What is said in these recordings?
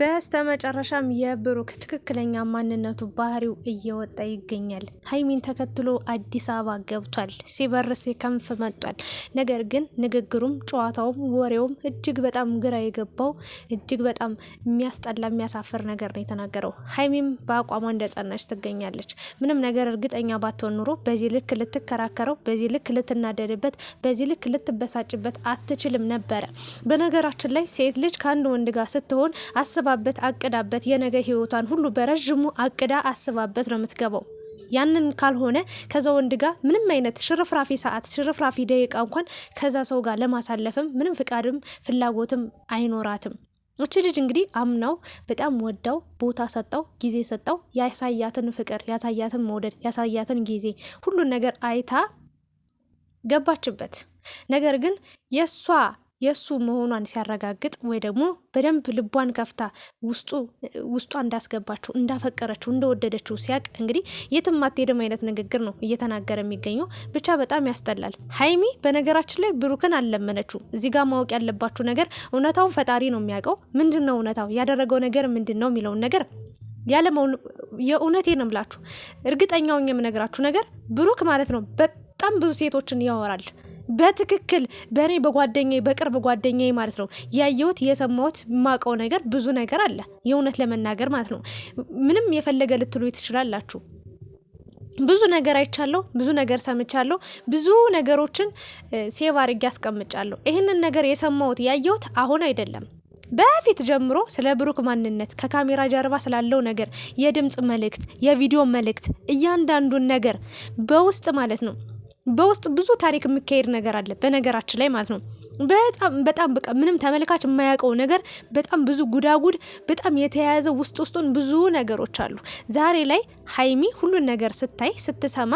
በስተመጨረሻም የብሩክ ትክክለኛ ማንነቱ ባህሪው እየወጣ ይገኛል። ሀይሚን ተከትሎ አዲስ አበባ ገብቷል። ሲበርስ ከንፍ መጧል። ነገር ግን ንግግሩም፣ ጨዋታውም፣ ወሬውም እጅግ በጣም ግራ የገባው እጅግ በጣም የሚያስጠላ የሚያሳፍር ነገር ነው የተናገረው። ሀይሚም በአቋሟ እንደጸናች ትገኛለች። ምንም ነገር እርግጠኛ ባትሆን ኑሮ በዚህ ልክ ልትከራከረው፣ በዚህ ልክ ልትናደድበት፣ በዚህ ልክ ልትበሳጭበት አትችልም ነበረ። በነገራችን ላይ ሴት ልጅ ከአንድ ወንድ ጋር ስትሆን አስብ አስባበት አቅዳበት የነገ ህይወቷን ሁሉ በረዥሙ አቅዳ አስባበት ነው የምትገባው። ያንን ካልሆነ ከዛ ወንድ ጋር ምንም አይነት ሽርፍራፊ ሰዓት ሽርፍራፊ ደቂቃ እንኳን ከዛ ሰው ጋር ለማሳለፍም ምንም ፍቃድም ፍላጎትም አይኖራትም። እቺ ልጅ እንግዲህ አምናው በጣም ወዳው ቦታ ሰጠው ጊዜ ሰጠው ያሳያትን ፍቅር ያሳያትን መውደድ ያሳያትን ጊዜ ሁሉን ነገር አይታ ገባችበት። ነገር ግን የእሷ የእሱ መሆኗን ሲያረጋግጥ ወይ ደግሞ በደንብ ልቧን ከፍታ ውስጡ ውስጧ እንዳስገባችው እንዳፈቀረችው እንደወደደችው ሲያቅ እንግዲህ የትም አትሄድም አይነት ንግግር ነው እየተናገረ የሚገኘው። ብቻ በጣም ያስጠላል። ሀይሚ በነገራችን ላይ ብሩክን አልለመነችው። እዚህ ጋር ማወቅ ያለባችሁ ነገር እውነታውን ፈጣሪ ነው የሚያውቀው። ምንድን ነው እውነታው ያደረገው ነገር ምንድን ነው የሚለውን ነገር ያለመሆኑ የእውነቴን እምላችሁ እርግጠኛውን የምነግራችሁ ነገር ብሩክ ማለት ነው በጣም ብዙ ሴቶችን ያወራል። በትክክል በእኔ በጓደኛ በቅርብ ጓደኛ ማለት ነው ያየሁት የሰማሁት ማቀው ነገር ብዙ ነገር አለ። የእውነት ለመናገር ማለት ነው ምንም የፈለገ ልትሉ ትችላላችሁ። ብዙ ነገር አይቻለሁ፣ ብዙ ነገር ሰምቻለሁ፣ ብዙ ነገሮችን ሴቭ አድርጌ አስቀምጫለሁ። ይህንን ነገር የሰማሁት ያየሁት አሁን አይደለም በፊት ጀምሮ ስለ ብሩክ ማንነት ከካሜራ ጀርባ ስላለው ነገር የድምፅ መልእክት፣ የቪዲዮ መልእክት እያንዳንዱን ነገር በውስጥ ማለት ነው በውስጥ ብዙ ታሪክ የሚካሄድ ነገር አለ በነገራችን ላይ ማለት ነው። በጣም በጣም በቃ ምንም ተመልካች የማያውቀው ነገር በጣም ብዙ ጉዳጉድ በጣም የተያያዘ ውስጥ ውስጡን ብዙ ነገሮች አሉ። ዛሬ ላይ ሀይሚ ሁሉን ነገር ስታይ ስትሰማ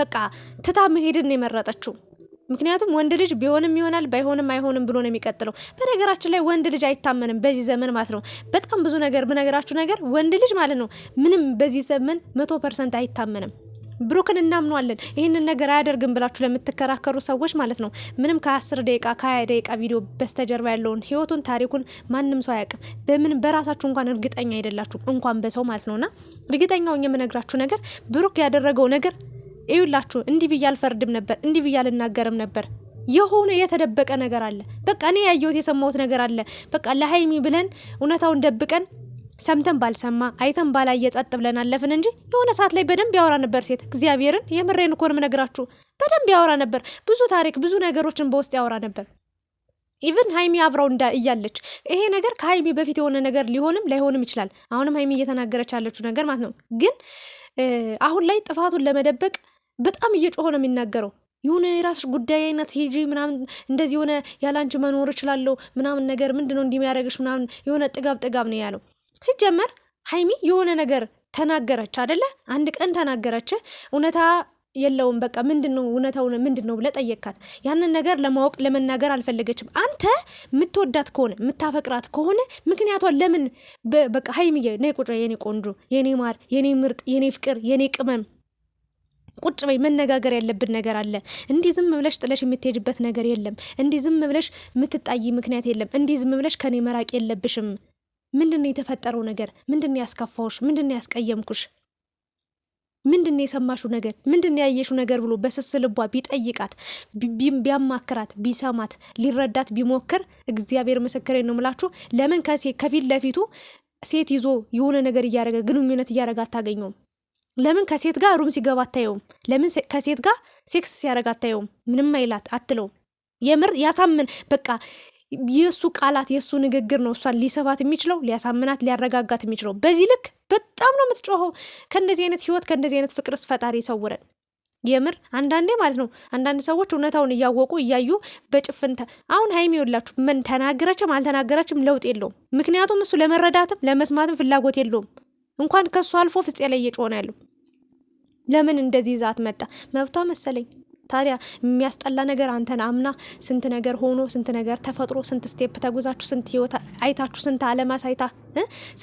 በቃ ትታ መሄድን የመረጠችው ምክንያቱም ወንድ ልጅ ቢሆንም ይሆናል ባይሆንም አይሆንም ብሎ ነው የሚቀጥለው። በነገራችን ላይ ወንድ ልጅ አይታመንም በዚህ ዘመን ማለት ነው። በጣም ብዙ ነገር በነገራችሁ ነገር ወንድ ልጅ ማለት ነው ምንም በዚህ ዘመን መቶ ፐርሰንት አይታመንም። ብሩክን እናምኗለን ይህንን ነገር አያደርግም ብላችሁ ለምትከራከሩ ሰዎች ማለት ነው ምንም ከ10 ደቂቃ ከ20 ደቂቃ ቪዲዮ በስተጀርባ ያለውን ህይወቱን ታሪኩን ማንም ሰው አያውቅም። በምን በራሳችሁ እንኳን እርግጠኛ አይደላችሁ እንኳን በሰው ማለት ነውና እርግጠኛው የምነግራችሁ ነገር ብሩክ ያደረገው ነገር እዩላችሁ። እንዲህ ብዬ አልፈርድም ነበር፣ እንዲህ ብዬ አልናገርም ነበር። የሆነ የተደበቀ ነገር አለ። በቃ እኔ ያየሁት የሰማሁት ነገር አለ። በቃ ለሀይሚ ብለን እውነታውን ደብቀን ሰምተን ባልሰማ አይተን ባላየ ጸጥ ብለን አለፍን እንጂ የሆነ ሰዓት ላይ በደንብ ያወራ ነበር። ሴት እግዚአብሔርን የምሬን እኮ ነው የምነግራችሁ፣ በደንብ ያወራ ነበር። ብዙ ታሪክ፣ ብዙ ነገሮችን በውስጥ ያወራ ነበር። ኢቨን ሀይሚ አብረው እንዳ እያለች ይሄ ነገር ከሀይሚ በፊት የሆነ ነገር ሊሆንም ላይሆንም ይችላል። አሁንም ሀይሚ እየተናገረች ያለችው ነገር ማለት ነው። ግን አሁን ላይ ጥፋቱን ለመደበቅ በጣም እየጮሆ ነው የሚናገረው። የሆነ የራስሽ ጉዳይ አይነት ሂጂ ምናምን እንደዚህ የሆነ ያላንቺ መኖር እችላለሁ ምናምን ነገር ምንድነው እንዲህ ምናምን የሆነ ጥጋብ ጥጋብ ነው ያለው። ሲጀመር ሀይሚ የሆነ ነገር ተናገረች አደለ? አንድ ቀን ተናገረች እውነታ የለውም በቃ ምንድን ነው እውነታው ምንድን ነው ጠየካት። ያንን ነገር ለማወቅ ለመናገር አልፈለገችም። አንተ የምትወዳት ከሆነ የምታፈቅራት ከሆነ ምክንያቷን ለምን በቃ ሀይሚዬ ነይ ቁጭ፣ የኔ ቆንጆ፣ የኔ ማር፣ የኔ ምርጥ፣ የኔ ፍቅር፣ የኔ ቅመም ቁጭ በይ። መነጋገር ያለብን ነገር አለ። እንዲህ ዝም ብለሽ ጥለሽ የምትሄድበት ነገር የለም። እንዲህ ዝም ብለሽ የምትጣይ ምክንያት የለም። እንዲህ ዝም ብለሽ ከኔ መራቅ የለብሽም። ምንድን ነው የተፈጠረው ነገር? ምንድን ነው ያስከፋውሽ? ምንድን ነው ያስቀየምኩሽ? ምንድን ነው የሰማሹ ነገር? ምንድን ነው ያየሹ ነገር ብሎ በስስ ልቧ ቢጠይቃት፣ ቢያማክራት፣ ቢሰማት፣ ሊረዳት ቢሞክር እግዚአብሔር ምስክሬ ነው ምላችሁ ለምን ከፊት ለፊቱ ሴት ይዞ የሆነ ነገር እያደረገ ግንኙነት እያደረገ አታገኘውም? ለምን ከሴት ጋር ሩም ሲገባ አታየውም? ለምን ከሴት ጋር ሴክስ ሲያደረግ አታየውም? ምንም አይላት አትለውም። የምር ያሳምን በቃ የእሱ ቃላት የእሱ ንግግር ነው እሷን ሊሰባት የሚችለው ሊያሳምናት ሊያረጋጋት የሚችለው። በዚህ ልክ በጣም ነው የምትጮኸው። ከእንደዚህ አይነት ህይወት ከእንደዚህ አይነት ፍቅርስ ፈጣሪ ይሰውረን። የምር አንዳንዴ ማለት ነው አንዳንድ ሰዎች እውነታውን እያወቁ እያዩ በጭፍንታ አሁን ሀይሚ ይወላችሁ ምን ተናገረችም አልተናገረችም ለውጥ የለውም። ምክንያቱም እሱ ለመረዳትም ለመስማትም ፍላጎት የለውም። እንኳን ከእሱ አልፎ ፍፄ ላይ እየጮኸ ነው ያለው። ለምን እንደዚህ ዛት መጣ መብቷ መሰለኝ። ታዲያ የሚያስጠላ ነገር አንተን አምና ስንት ነገር ሆኖ ስንት ነገር ተፈጥሮ ስንት ስቴፕ ተጉዛችሁ ስንት ህይወት አይታችሁ ስንት አለማስ አይታ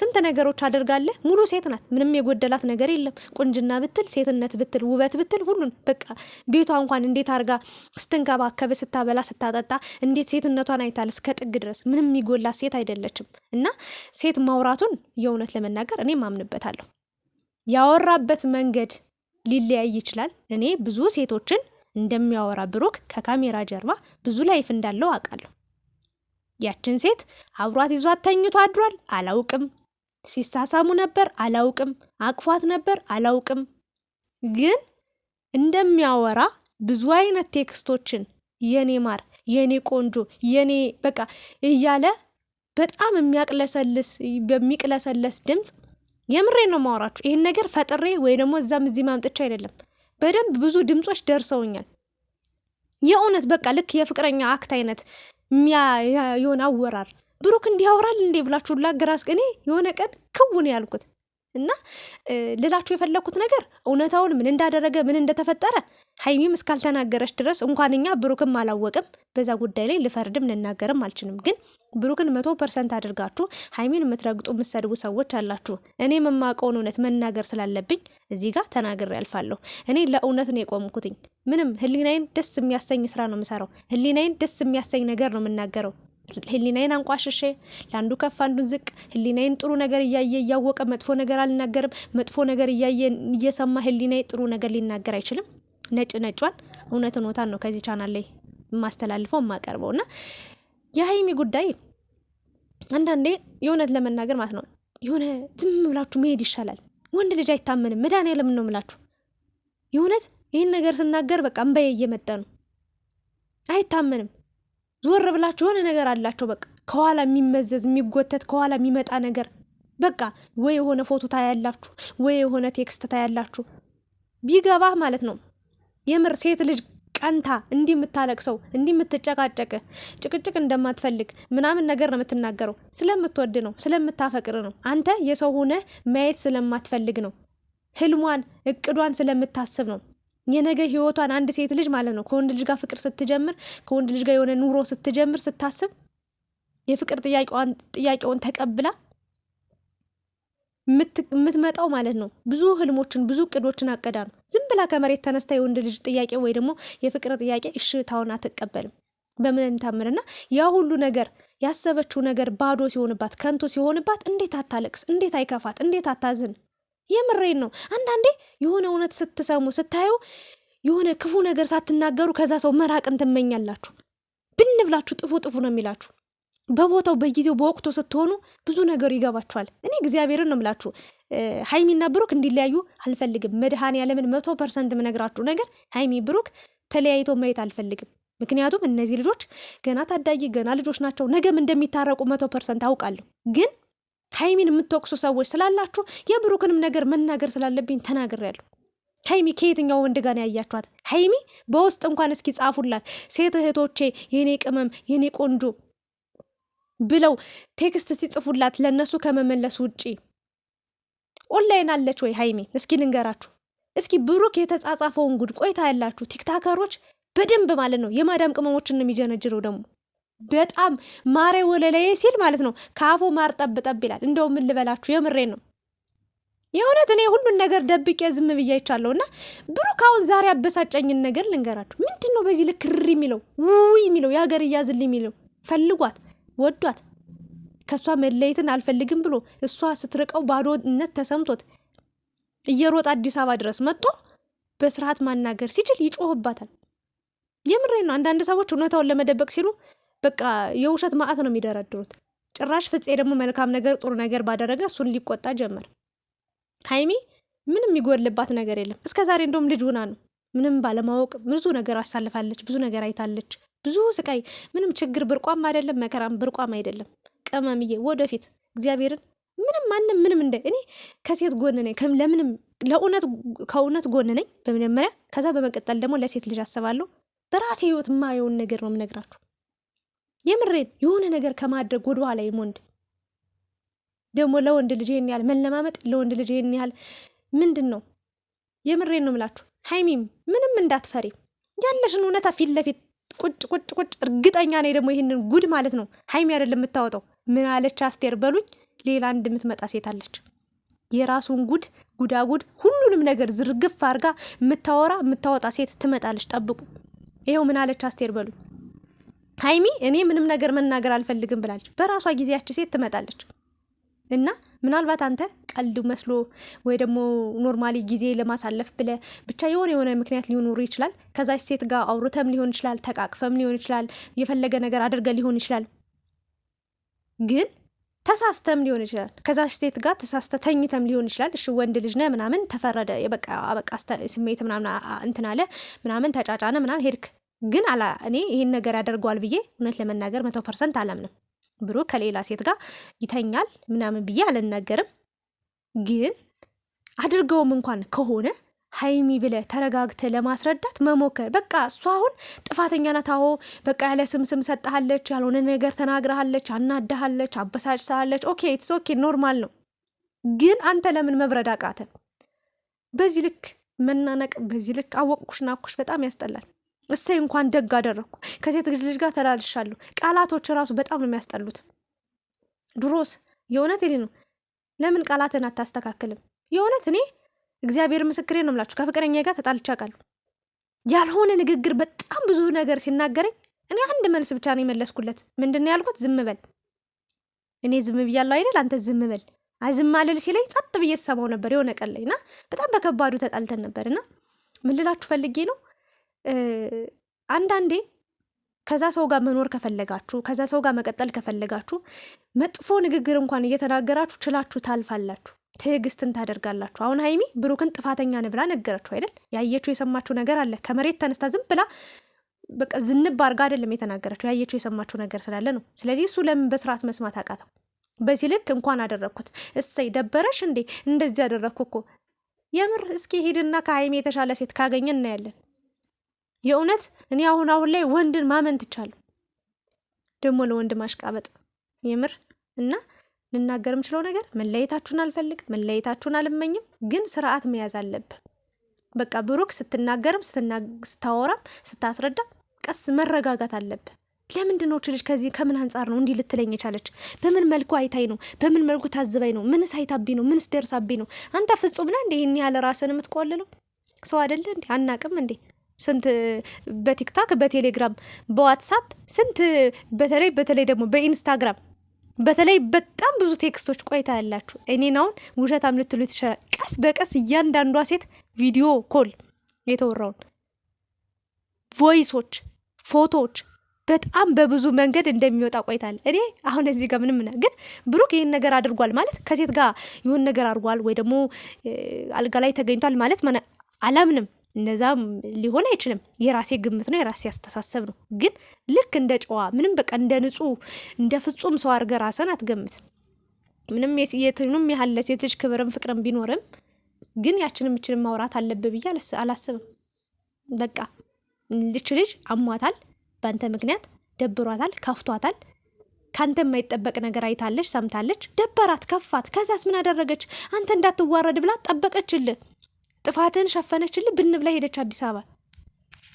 ስንት ነገሮች አድርጋለ። ሙሉ ሴት ናት። ምንም የጎደላት ነገር የለም። ቁንጅና ብትል፣ ሴትነት ብትል፣ ውበት ብትል ሁሉን በቃ ቤቷ እንኳን እንዴት አድርጋ ስትንከባከብ፣ ስታበላ፣ ስታጠጣ እንዴት ሴትነቷን አይታል እስከ ጥግ ድረስ ምንም የሚጎላት ሴት አይደለችም። እና ሴት ማውራቱን የእውነት ለመናገር እኔም ማምንበታለሁ። ያወራበት መንገድ ሊለያይ ይችላል። እኔ ብዙ ሴቶችን እንደሚያወራ ብሩክ ከካሜራ ጀርባ ብዙ ላይፍ እንዳለው አውቃለሁ። ያችን ሴት አብሯት ይዟት ተኝቶ አድሯል፣ አላውቅም። ሲሳሳሙ ነበር፣ አላውቅም። አቅፏት ነበር፣ አላውቅም። ግን እንደሚያወራ ብዙ አይነት ቴክስቶችን የኔ ማር፣ የኔ ቆንጆ፣ የኔ በቃ እያለ በጣም የሚያቅለሰልስ በሚቅለሰለስ ድምፅ የምሬ ነው ማወራችሁ። ይህን ነገር ፈጥሬ ወይ ደግሞ እዛም እዚህ ማምጥቻ አይደለም። በደንብ ብዙ ድምጾች ደርሰውኛል። የእውነት በቃ ልክ የፍቅረኛ አክት አይነት የሆነ አወራር ብሩክ እንዲያወራል እንዴ ብላችሁ ላገራስ እኔ የሆነ ቀን ክውን ያልኩት እና ልላችሁ የፈለግኩት ነገር እውነታውን ምን እንዳደረገ ምን እንደተፈጠረ ሀይሚም እስካልተናገረች ድረስ እንኳን እኛ ብሩክም አላወቅም በዛ ጉዳይ ላይ ልፈርድም ልናገርም አልችልም። ግን ብሩክን መቶ ፐርሰንት አድርጋችሁ ሀይሚን የምትረግጡ የምትሰድቡ ሰዎች አላችሁ። እኔ የምማቀውን እውነት መናገር ስላለብኝ እዚህ ጋር ተናግሬ ያልፋለሁ። እኔ ለእውነት ነው የቆምኩትኝ። ምንም ህሊናዬን ደስ የሚያሰኝ ስራ ነው የምሰራው። ህሊናዬን ደስ የሚያሰኝ ነገር ነው የምናገረው። ህሊናዬን አንቋሽሼ ለአንዱ ከፍ አንዱን ዝቅ፣ ህሊናዬን ጥሩ ነገር እያየ እያወቀ መጥፎ ነገር አልናገርም። መጥፎ ነገር እያየ እየሰማ ህሊናዬ ጥሩ ነገር ሊናገር አይችልም። ነጭ ነጯን እውነትን ኖታን ነው ከዚህ ቻናል ላይ የማስተላልፈው የማቀርበው እና የሀይሚ ጉዳይ አንዳንዴ የእውነት ለመናገር ማለት ነው የሆነ ዝም ብላችሁ መሄድ ይሻላል። ወንድ ልጅ አይታመንም። መድኃኒዓለም ነው ምላችሁ። የእውነት ይህን ነገር ስናገር በቃ እምባዬ እየመጠ ነው። አይታመንም። ዞር ብላችሁ የሆነ ነገር አላቸው በቃ ከኋላ የሚመዘዝ የሚጎተት ከኋላ የሚመጣ ነገር በቃ ወይ የሆነ ፎቶ ታያላችሁ፣ ወይ የሆነ ቴክስት ታያላችሁ። ቢገባህ ማለት ነው የምር ሴት ልጅ ቀንታ እንዲህ የምታለቅሰው እንዲህ የምትጨቃጨቅ ጭቅጭቅ እንደማትፈልግ ምናምን ነገር ነው የምትናገረው። ስለምትወድ ነው፣ ስለምታፈቅር ነው። አንተ የሰው ሆነ ማየት ስለማትፈልግ ነው። ህልሟን እቅዷን ስለምታስብ ነው። የነገ ህይወቷን አንድ ሴት ልጅ ማለት ነው ከወንድ ልጅ ጋር ፍቅር ስትጀምር፣ ከወንድ ልጅ ጋር የሆነ ኑሮ ስትጀምር ስታስብ የፍቅር ጥያቄውን ተቀብላ የምትመጣው ማለት ነው። ብዙ ህልሞችን ብዙ እቅዶችን አቀዳ ነው። ዝም ብላ ከመሬት ተነስታ የወንድ ልጅ ጥያቄ ወይ ደግሞ የፍቅር ጥያቄ እሽታውን አትቀበልም በምንም ታምርና ያ ሁሉ ነገር ያሰበችው ነገር ባዶ ሲሆንባት ከንቱ ሲሆንባት እንዴት አታለቅስ? እንዴት አይከፋት? እንዴት አታዝን? የምሬን ነው። አንዳንዴ የሆነ እውነት ስትሰሙ ስታዩ የሆነ ክፉ ነገር ሳትናገሩ ከዛ ሰው መራቅን ትመኛላችሁ። ብን ብላችሁ ጥፉ ጥፉ ነው የሚላችሁ። በቦታው በጊዜው በወቅቱ ስትሆኑ ብዙ ነገር ይገባችኋል። እኔ እግዚአብሔርን ነው ምላችሁ ሀይሚና ብሩክ እንዲለያዩ አልፈልግም። መድኃኔዓለምን መቶ ፐርሰንት የምነግራችሁ ነገር ሀይሚ ብሩክ ተለያይቶ ማየት አልፈልግም። ምክንያቱም እነዚህ ልጆች ገና ታዳጊ ገና ልጆች ናቸው። ነገም እንደሚታረቁ መቶ ፐርሰንት አውቃለሁ። ግን ሀይሚን የምትወቅሱ ሰዎች ስላላችሁ የብሩክንም ነገር መናገር ስላለብኝ ተናግሬያለሁ። ሀይሚ ከየትኛው ወንድ ጋር ያያችኋት? ሀይሚ በውስጥ እንኳን እስኪ ጻፉላት ሴት እህቶቼ፣ የኔ ቅመም፣ የኔ ቆንጆ ብለው ቴክስት ሲጽፉላት ለእነሱ ከመመለስ ውጪ ኦንላይን አለች ወይ ሀይሜ? እስኪ ልንገራችሁ። እስኪ ብሩክ የተጻጻፈውን ጉድ ቆይታ ያላችሁ ቲክታከሮች በደንብ ማለት ነው የማዳም ቅመሞችን የሚጀነጅረው ደግሞ በጣም ማሬ ወለለዬ ሲል ማለት ነው ከአፎ ማር ጠብጠብ ይላል። እንደው ምን ልበላችሁ የምሬን ነው የእውነት እኔ ሁሉን ነገር ደብቄ ዝም ብዬ አይቻለሁ። እና ብሩክ አሁን ዛሬ አበሳጨኝን ነገር ልንገራችሁ። ምንድን ነው በዚህ ልክሪ የሚለው ውይ የሚለው የሀገር እያዝል የሚለው ፈልጓት ወዷት ከእሷ መለየትን አልፈልግም ብሎ እሷ ስትርቀው ባዶነት ተሰምቶት እየሮጠ አዲስ አበባ ድረስ መጥቶ በስርዓት ማናገር ሲችል ይጮህባታል። የምሬ ነው። አንዳንድ ሰዎች እውነታውን ለመደበቅ ሲሉ በቃ የውሸት ማዕት ነው የሚደረድሩት። ጭራሽ ፍፄ ደግሞ መልካም ነገር ጥሩ ነገር ባደረገ እሱን ሊቆጣ ጀመር። ሀይሚ ምንም የሚጎልባት ነገር የለም። እስከ ዛሬ እንደውም ልጅ ሁና ነው ምንም ባለማወቅ ብዙ ነገር አሳልፋለች፣ ብዙ ነገር አይታለች። ብዙ ስቃይ፣ ምንም ችግር ብርቋም አይደለም መከራም ብርቋም አይደለም። ቅመምዬ ወደፊት እግዚአብሔርን ምንም ማንም ምንም እንደ እኔ ከሴት ጎን ነኝ። ለምንም ለእውነት ከእውነት ጎን ነኝ በመጀመሪያ ከዛ በመቀጠል ደግሞ ለሴት ልጅ አስባለሁ። በራሴ ህይወት የማየውን ነገር ነው የምነግራችሁ። የምሬን የሆነ ነገር ከማድረግ ወደኋላ ወንድ ደግሞ ለወንድ ልጅ ይህን ያህል መለማመጥ ለወንድ ልጅ ይህን ያህል ምንድን ነው? የምሬን ነው ምላችሁ። ሀይሚም ምንም እንዳትፈሪ ያለሽን እውነታ ፊት ለፊት ቁጭ ቁጭ ቁጭ። እርግጠኛ ነኝ ደግሞ ይህንን ጉድ ማለት ነው ሀይሚ አይደለም የምታወጣው። ምን አለች አስቴር በሉኝ፣ ሌላ አንድ የምትመጣ ሴት አለች። የራሱን ጉድ ጉዳጉድ ሁሉንም ነገር ዝርግፍ አርጋ የምታወራ የምታወጣ ሴት ትመጣለች፣ ጠብቁ። ይኸው ምን አለች አስቴር በሉኝ። ሀይሚ እኔ ምንም ነገር መናገር አልፈልግም ብላለች። በራሷ ጊዜያች ሴት ትመጣለች። እና ምናልባት አንተ ቀልድ መስሎ ወይ ደግሞ ኖርማሊ ጊዜ ለማሳለፍ ብለ ብቻ የሆነ የሆነ ምክንያት ሊኖሩ ይችላል። ከዛች ሴት ጋር አውርተም ሊሆን ይችላል፣ ተቃቅፈም ሊሆን ይችላል፣ የፈለገ ነገር አድርገ ሊሆን ይችላል። ግን ተሳስተም ሊሆን ይችላል። ከዛች ሴት ጋር ተሳስተ ተኝተም ሊሆን ይችላል። እሺ ወንድ ልጅ ነህ ምናምን ተፈረደ፣ የበቃ ስሜት ምናምን እንትን አለ ምናምን ተጫጫነ ምናምን ሄድክ። ግን አላ እኔ ይህን ነገር ያደርገዋል ብዬ እውነት ለመናገር መቶ ፐርሰንት አላምንም። ብሩ ከሌላ ሴት ጋር ይተኛል ምናምን ብዬ አልናገርም። ግን አድርገውም እንኳን ከሆነ ሀይሚ ብለ ተረጋግተ ለማስረዳት መሞከር። በቃ እሷ አሁን ጥፋተኛ ናት። አዎ በቃ ያለ ስም ስም ያልሆነ ነገር ተናግረሃለች፣ አናዳሃለች፣ አበሳጭታሃለች። ኦኬ ኢትስ ኦኬ ኖርማል ነው። ግን አንተ ለምን መብረድ አቃተ? በዚህ ልክ መናነቅ፣ በዚህ ልክ አወቅኩሽ ናኩሽ፣ በጣም ያስጠላል። እሰይ እንኳን ደግ አደረግኩ፣ ከሴት ልጅ ጋር ተላልሻለሁ። ቃላቶች ራሱ በጣም ነው የሚያስጠሉት። ድሮስ የእውነት እኔ ነው ለምን ቃላትን አታስተካክልም? የእውነት እኔ እግዚአብሔር ምስክሬ ነው ምላችሁ ከፍቅረኛ ጋር ተጣልቻ ቃሉ ያልሆነ ንግግር በጣም ብዙ ነገር ሲናገረኝ እኔ አንድ መልስ ብቻ ነው የመለስኩለት። ምንድን ነው ያልኩት? ዝም በል እኔ ዝም ብያለሁ አይደል? አንተ ዝም በል ዝም አልል ሲለኝ ጸጥ ብዬ ሰማው ነበር። የሆነ ቀን ላይ እና በጣም በከባዱ ተጣልተን ነበር እና ምን ልላችሁ ፈልጌ ነው አንዳንዴ ከዛ ሰው ጋር መኖር ከፈለጋችሁ ከዛ ሰው ጋር መቀጠል ከፈለጋችሁ መጥፎ ንግግር እንኳን እየተናገራችሁ ችላችሁ ታልፋላችሁ። ትዕግስትን ታደርጋላችሁ። አሁን ሀይሚ ብሩክን ጥፋተኛ ነህ ብላ ነገረችው አይደል? ያየችው የሰማችው ነገር አለ። ከመሬት ተነስታ ዝም ብላ በቃ ዝንብ አርጋ አይደለም የተናገረችው፣ ያየችው የሰማችው ነገር ስላለ ነው። ስለዚህ እሱ ለምን በስርዓት መስማት አቃተው? በዚህ ልክ እንኳን አደረግኩት፣ እሰይ ደበረሽ እንዴ እንደዚህ አደረግኩ እኮ የምር። እስኪ ሂድና ከሀይሚ የተሻለ ሴት ካገኘ እናያለን። የእውነት እኔ አሁን አሁን ላይ ወንድን ማመን ትቻለሁ። ደግሞ ለወንድ ማሽቃበጥ የምር እና ልናገር የምችለው ነገር መለየታችሁን አልፈልግም፣ መለየታችሁን አልመኝም፣ ግን ስርዓት መያዝ አለብ በቃ ብሩክ ስትናገርም ስታወራም ስታስረዳም ቀስ መረጋጋት አለብ ለምንድን ነው ልጅ ከዚህ ከምን አንጻር ነው እንዲህ ልትለኝ የቻለች? በምን መልኩ አይታይ ነው? በምን መልኩ ታዝባይ ነው? ምንስ አይታብኝ ነው? ምንስ ደርሳብኝ ነው? አንተ ፍጹም ነህ እንዴ? ይህን ያለ ራስን የምትቆልለው ሰው አይደለ እንዴ? አናቅም እንዴ? ስንት በቲክታክ በቴሌግራም በዋትሳፕ ስንት በተለይ በተለይ ደግሞ በኢንስታግራም በተለይ በጣም ብዙ ቴክስቶች ቆይታ ያላችሁ እኔን አሁን ውሸታም ልትሉ ትችላል። ቀስ በቀስ እያንዳንዷ ሴት ቪዲዮ ኮል የተወራውን ቮይሶች፣ ፎቶዎች በጣም በብዙ መንገድ እንደሚወጣ ቆይታል። እኔ አሁን እዚህ ጋር ምንም ግን ብሩክ ይህን ነገር አድርጓል ማለት ከሴት ጋር ይሁን ነገር አድርጓል ወይ ደግሞ አልጋ ላይ ተገኝቷል ማለት አላምንም። እንደዛ ሊሆን አይችልም። የራሴ ግምት ነው፣ የራሴ አስተሳሰብ ነው። ግን ልክ እንደ ጨዋ ምንም በቃ እንደ ንጹህ እንደ ፍጹም ሰው አድርገ ራስን አትገምት። ምንም የትኑም ያህል ለሴት ልጅ ክብርም ፍቅርም ቢኖርም ግን ያችን እችንም ማውራት አለብህ ብዬ አላስብም። በቃ ልች ልጅ አሟታል፣ በአንተ ምክንያት ደብሯታል፣ ከፍቷታል። ከአንተ የማይጠበቅ ነገር አይታለች፣ ሰምታለች፣ ደበራት፣ ከፋት። ከዛስ ምን አደረገች? አንተ እንዳትዋረድ ብላ ጠበቀችልህ። ጥፋትን ሸፈነችልህ ብን ብላ ሄደች አዲስ አበባ።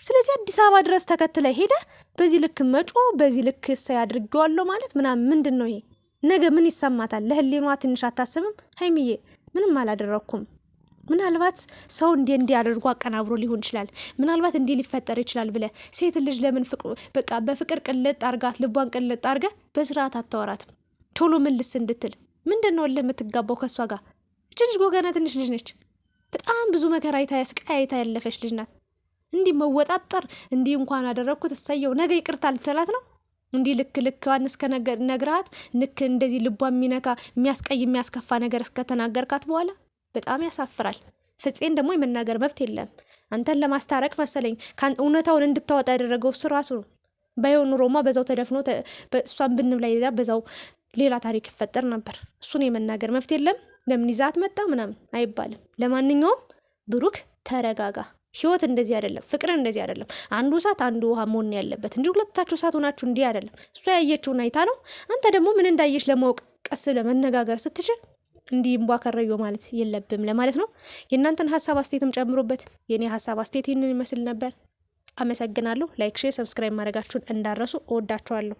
ስለዚህ አዲስ አበባ ድረስ ተከትለ ሄደ። በዚህ ልክ መጮ፣ በዚህ ልክ እሰይ አድርጌዋለሁ ማለት ምናምን ምንድን ነው ይሄ? ነገ ምን ይሰማታል? ለህሊኗ ትንሽ አታስብም? ሀይሚዬ ምንም አላደረግኩም። ምናልባት ሰው እንዴ እንዲ አድርጎ አቀናብሮ ሊሆን ይችላል። ምናልባት እንዲህ ሊፈጠር ይችላል ብለ ሴት ልጅ ለምን በቃ በፍቅር ቅልጥ አርጋት ልቧን ቅልጥ አርገ በስርዓት አታወራትም? ቶሎ ምልስ እንድትል ምንድን ነው ለምትጋባው ከእሷ ጋር? እች ልጅ ጎገና ትንሽ ልጅ ነች። በጣም ብዙ መከራ አይታ ያለፈች ልጅ ናት። እንዲህ መወጣጠር እንዲህ እንኳን አደረግኩት እሰየው ነገ ይቅርታ ልትላት ነው እንዲህ ልክ ልክዋን እስከ ነግራት ንክ እንደዚህ ልቧ የሚነካ የሚያስቀይ የሚያስከፋ ነገር እስከተናገርካት በኋላ በጣም ያሳፍራል። ፍፄን ደግሞ የመናገር መብት የለም። አንተን ለማስታረቅ መሰለኝ እውነታውን እንድታወጣ ያደረገው እሱ ራሱ ነው። ባይሆን ኑሮማ በዛው ተደፍኖ እሷን ብንም ላይ በዛው ሌላ ታሪክ ይፈጠር ነበር። እሱን የመናገር መብት የለም። ለምን ይዛት መጣ ምናምን አይባልም። ለማንኛውም ብሩክ ተረጋጋ። ህይወት እንደዚህ አይደለም፣ ፍቅር እንደዚህ አይደለም። አንዱ እሳት አንዱ ውሃ መሆን ያለበት እንጂ ሁለታችሁ እሳት ሆናችሁ እንዲህ አይደለም። እሷ ያየችውን አይታ ነው። አንተ ደግሞ ምን እንዳየሽ ለማወቅ ቀስ ለመነጋገር ስትችል እንዲህ እምቧ ከረዮ ማለት የለብም ለማለት ነው። የእናንተን ሀሳብ አስተያየትም ጨምሩበት። የእኔ ሀሳብ አስተያየት ይህንን ይመስል ነበር። አመሰግናለሁ። ላይክ፣ ሼር፣ ሰብስክራይብ ማድረጋችሁን እንዳረሱ። እወዳችኋለሁ።